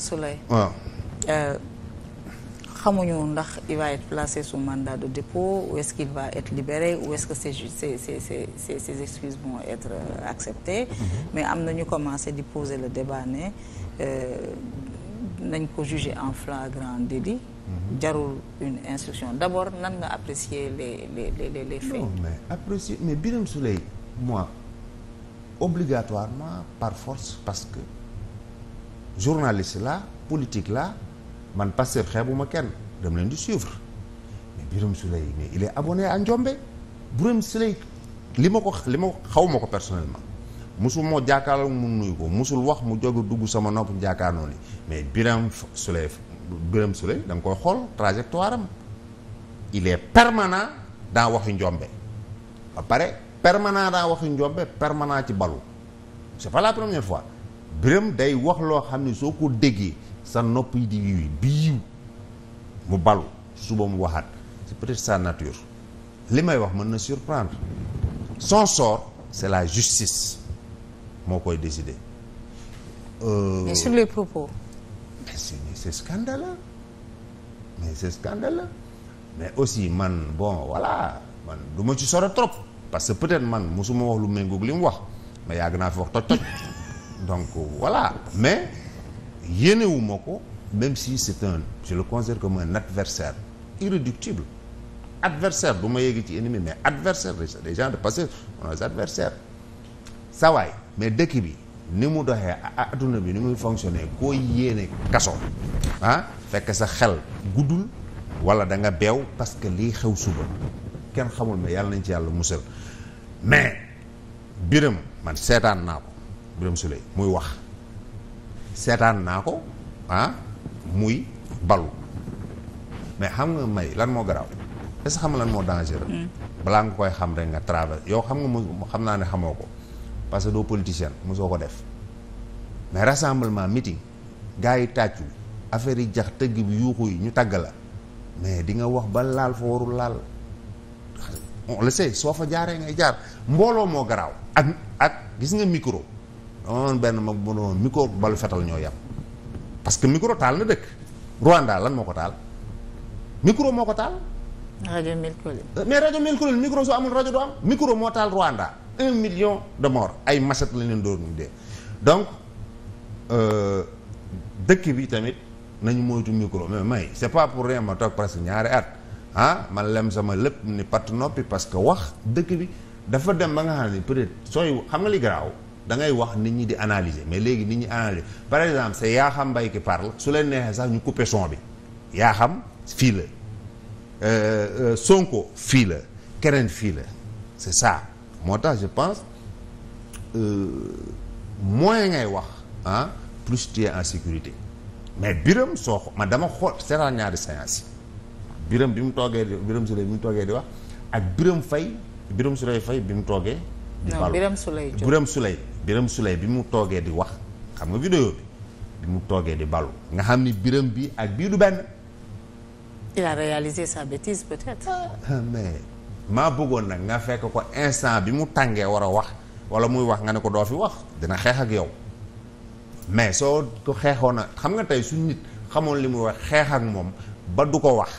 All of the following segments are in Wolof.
Souley waaw euh, xamuñu ndax il va être placé sous mandat de dépôt ou est-ce qu'il va être libéré ou est-ce que ces ces ces ces ces excuses vont être euh, acceptées. Mm-hmm. mais am na ñu commencé di poser le débat ne euh, nañ ko juger en flagrant délit. Mm-hmm. jarul une instruction d'abord nan nga apprécier les les les les les faits. non mais apprécier mais Birame Souleye moi obligatoirement par force parce que. journaliste la politique la man Pastef xeebuma kenn dama leen di suivre mais Birame Souleye mais il est abonné à Ndiombe Birame li ma ko li ma ko xaw ma ko personnellement musul moo jàkkaarloo mu nuyu ko musul wax mu jóg dugg sama nopp jàkkaarloo ni mais Birame Souleye Birame Souleye da nga koy xool trajectoire am il est permanent dans waxu njombe ba pare permanent dans waxu Ndiombe permanent ci balu c'est pas la première fois biram day wax loo xam ne soo ko déggee sa nopp yi di yiw biiw mu balu suba mu waxaat c'est peut-être sa nature li may wax mën na surprendre son sort c'est la justice moo koy décider. Euh... mais sur les propos. mais c'est c'est mais aussi man bon voilà man du ma ci sore trop parce que peut-être man mosuma wax lu méngoog li mu wax mais yàgg naa fi wax toj toj. donc voilà mais yéenewu ma ko même si c'est un je le considère comme un adversaire irréductible adversaire bu ma yéegi ci ennemi mais adversaire des gens de passé on est adversaire sawaay mais dëkk bi ni mu doxee adduna bi ni muy fonctionner koo yéene kaso ah fekk sa xel guddul wala da nga beew parce que lii xew suba kenn xamul ma yàlla nañ ci yàlla musal mais biram man seetaan naa ko Birame Souleye muy wax seetaan naa ko ah muy balu mais xam nga may lan moo garaaw est-ce que xam nga lan moo dangereux hmm. balaa nga koy xam rek nga traversé yow xam nga mu xam naa ne xamoo ko parce que doo politicien mosoo ko def mais rassemblement meeting gars yi tàccu affaire yi jax tëgg bi yuuxu yi ñu tàgg la mais di nga wax ba laal fa warul laal on le soo fa jaaree ngay jaar mbooloo moo garaaw ak ak gis nga micro amoon benn mag bu doon micro balu fetal ñoo yam parce que micro taal na dëkk Rwanda lan moo ko taal micro moo ko taal. rajo mille euh, mais rajo mille collines micro su amul rajo du am moo taal Rwanda un million de morts ay maset la leen doon dee donc euh, dëkk bi tamit nañu moytu micro mais may c'est pas pour rien ma toog presque ñaari at ah man lem sama lépp ni patt noppi parce que wax dëkk bi dafa dem ba nga xam ne peut sooy xam nga li garaaw da ngay wax nit ñi di analyser mais léegi nit ñi analyser par exemple c'est Yakham Mbaye qui parle su leen neexee sax ñu couper son bi xam fii la euh, euh, Sonko fii la keneen fii la c'est ça moo tax je pense euh, moins ngay wax ah plus tu en sécurité mais biram soo ma dama xool seetaan ñaari séance yi biram bi mu toogee di biram Souleye bi mu toogee di wax ak biram fay biram Souleye fay bi mu toogee. di parler non biram Souleye. biram Souleye. Birame Souleye bi mu toogee di wax xam nga vidéo bi bi mu toogee di balu nga xam ni biram bi ak bii du benn. il a réalisé sa ah, maa bëggoon nag nga fekk ko instant bi mu tàngee war a wax wala muy wax nga ne ko doo fi wax dina xeex ak yow mais soo ko xeexoon na xam nga tey suñ nit xamoon li muy wax xeex ak moom ba du ko wax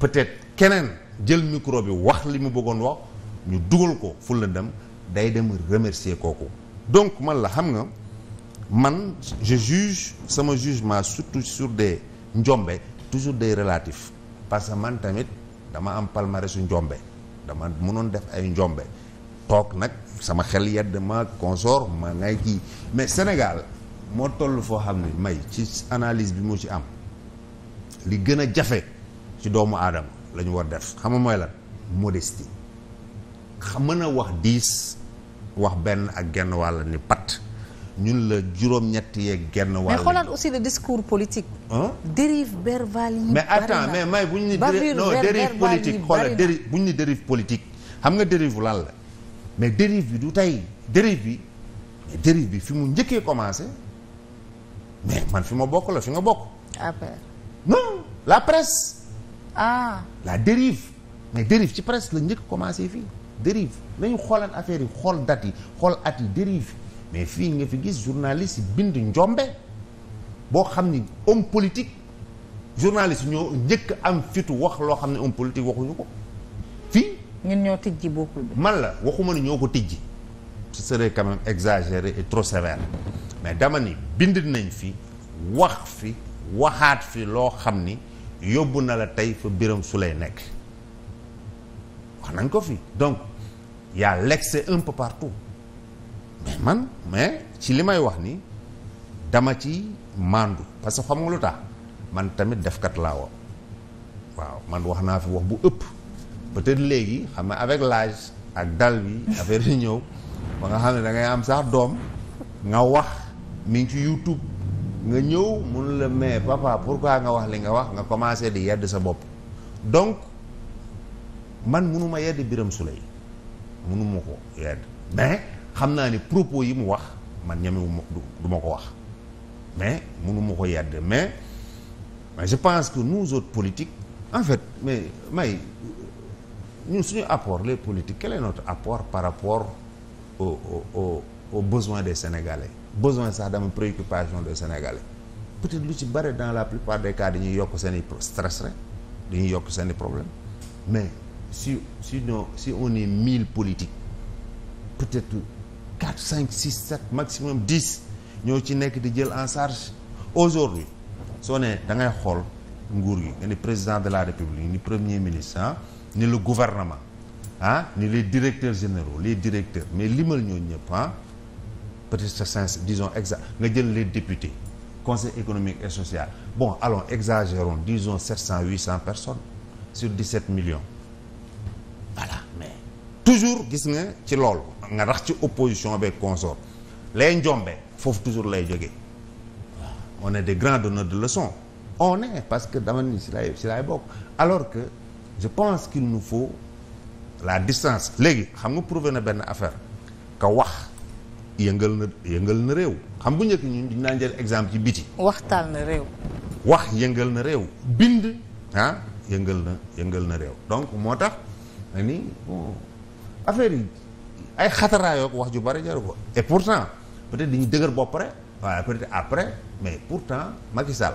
peut-être keneen jël micro bi wax li mu bëggoon wax ñu dugal ko fu la dem day dem remercier kooku donc man la xam nga man je juge sama jugement surtout sur des njombe toujours des relatifs parce que man tamit dama am palmarèsu njombe dama mënoon def ay njombe toog nag sama xel yedd ma consort ma ngay kii mais Sénégal moo toll foo xam ne may ci analyse bi mu ci am li gën a jafe ci doomu aadama la ñu war def xam nga mooy lan mën a wax diis wax benn ak genn wàll ni pat ñun la juróom-ñetti yeeg genn wàll. mais xoolal aussi le discours politique. dérive verbale yi. mais attends mais may bu ñu ni. non dérive politique xoolal bu ñu ni dérive politique. xam nga dérive lan la mais dérive bi du tey dérive bi dérive bi fi mu njëkkee commencé mais man fi ma bokk la fi nga bokk. après. non la presse. ah la dérive mais dérive ci presse la njëkk commencé fii. dérive nañu xoolaan affaire yi xool date yi xool at yi dérive mais fii nga fi gis journaliste bind njombe boo xam ni homme politique journaliste ñoo njëkk am fitu wax loo xam ne homme politique waxuñu ko fii ñun ñoo tijji bokkul bi man la waxuma ne ñoo ko tijji ce serait quand même et trop sévère mais dama ni bind nañ fii wax fi waxaat fi loo xam ni yóbbu na la tey fa Birame Souleye nekk wax nañ ko fi y a l'excès un peu partout mais man mais ci li may wax ni dama ci màndu parce que xam nga lu tax man tamit defkat laa woon waaw man wax naa fi wax bu ëpp peut-être léegi xam nga avec lage ak dal bi affaire yi ñëw ba nga xam ne da ngay am sax doom nga wax mi ngi ci YouTube nga ñëw mun la mais papa pourquoi nga wax li nga wax nga commencé di yedd sa bopp donc man munuma yedd Birame Souleye mënuma ko yedd mais xam naa ni propos yi mu wax man ñemewu ma du ma ko wax mais mënuma ko yedd mais je pense que nous autres politiques en fait mais may ñun suñu apport les politiques quel est apport par rapport au au aux besoins des Sénégalais besoin sax dama préoccupation de Sénégalais peut-être lu ci bare dans la plupart des cas dañuy yokk seen i stress rek dañuy yokk seen i problème mais si si non si on est mille politiques peut-être quatre cinq six sept maximum dix ñoo ci nekk di jël en charge aujourd'hui soo nee da ngay xool nguur gi nga ni président de la république ni premier ministre ah ni le gouvernement ah ni les directeurs généraux les directeurs mais limal ñoo ñëpp ah peut-être cinq disons exact nga jël les députés conseil économique et social bon allons exagérons disons sept cent huit cent personnes sur dix sept million toujours gis nga ci lool nga rax ci opposition bee consort lay njombe foofu toujours lay jóge on est des grands donneurs de leçons on parce que dama ni si laay si laay bokk alors que je pense qu'il nous faut la distance léegi xam nga prouvé na benn affaire ka wax yëngal na yëngal na réew xam bu njëkk ñun dinaa jël exemple ci biti waxtaan na réew wax yëngal na réew bind ah, yëngal na yëngal na réew donc moo tax ni bon affaire yi ay xataraayook wax ju bari jaru ko et pourtant peut di ñu dëgër bopp rek waaye peut-être après mais pourtant Macky Sall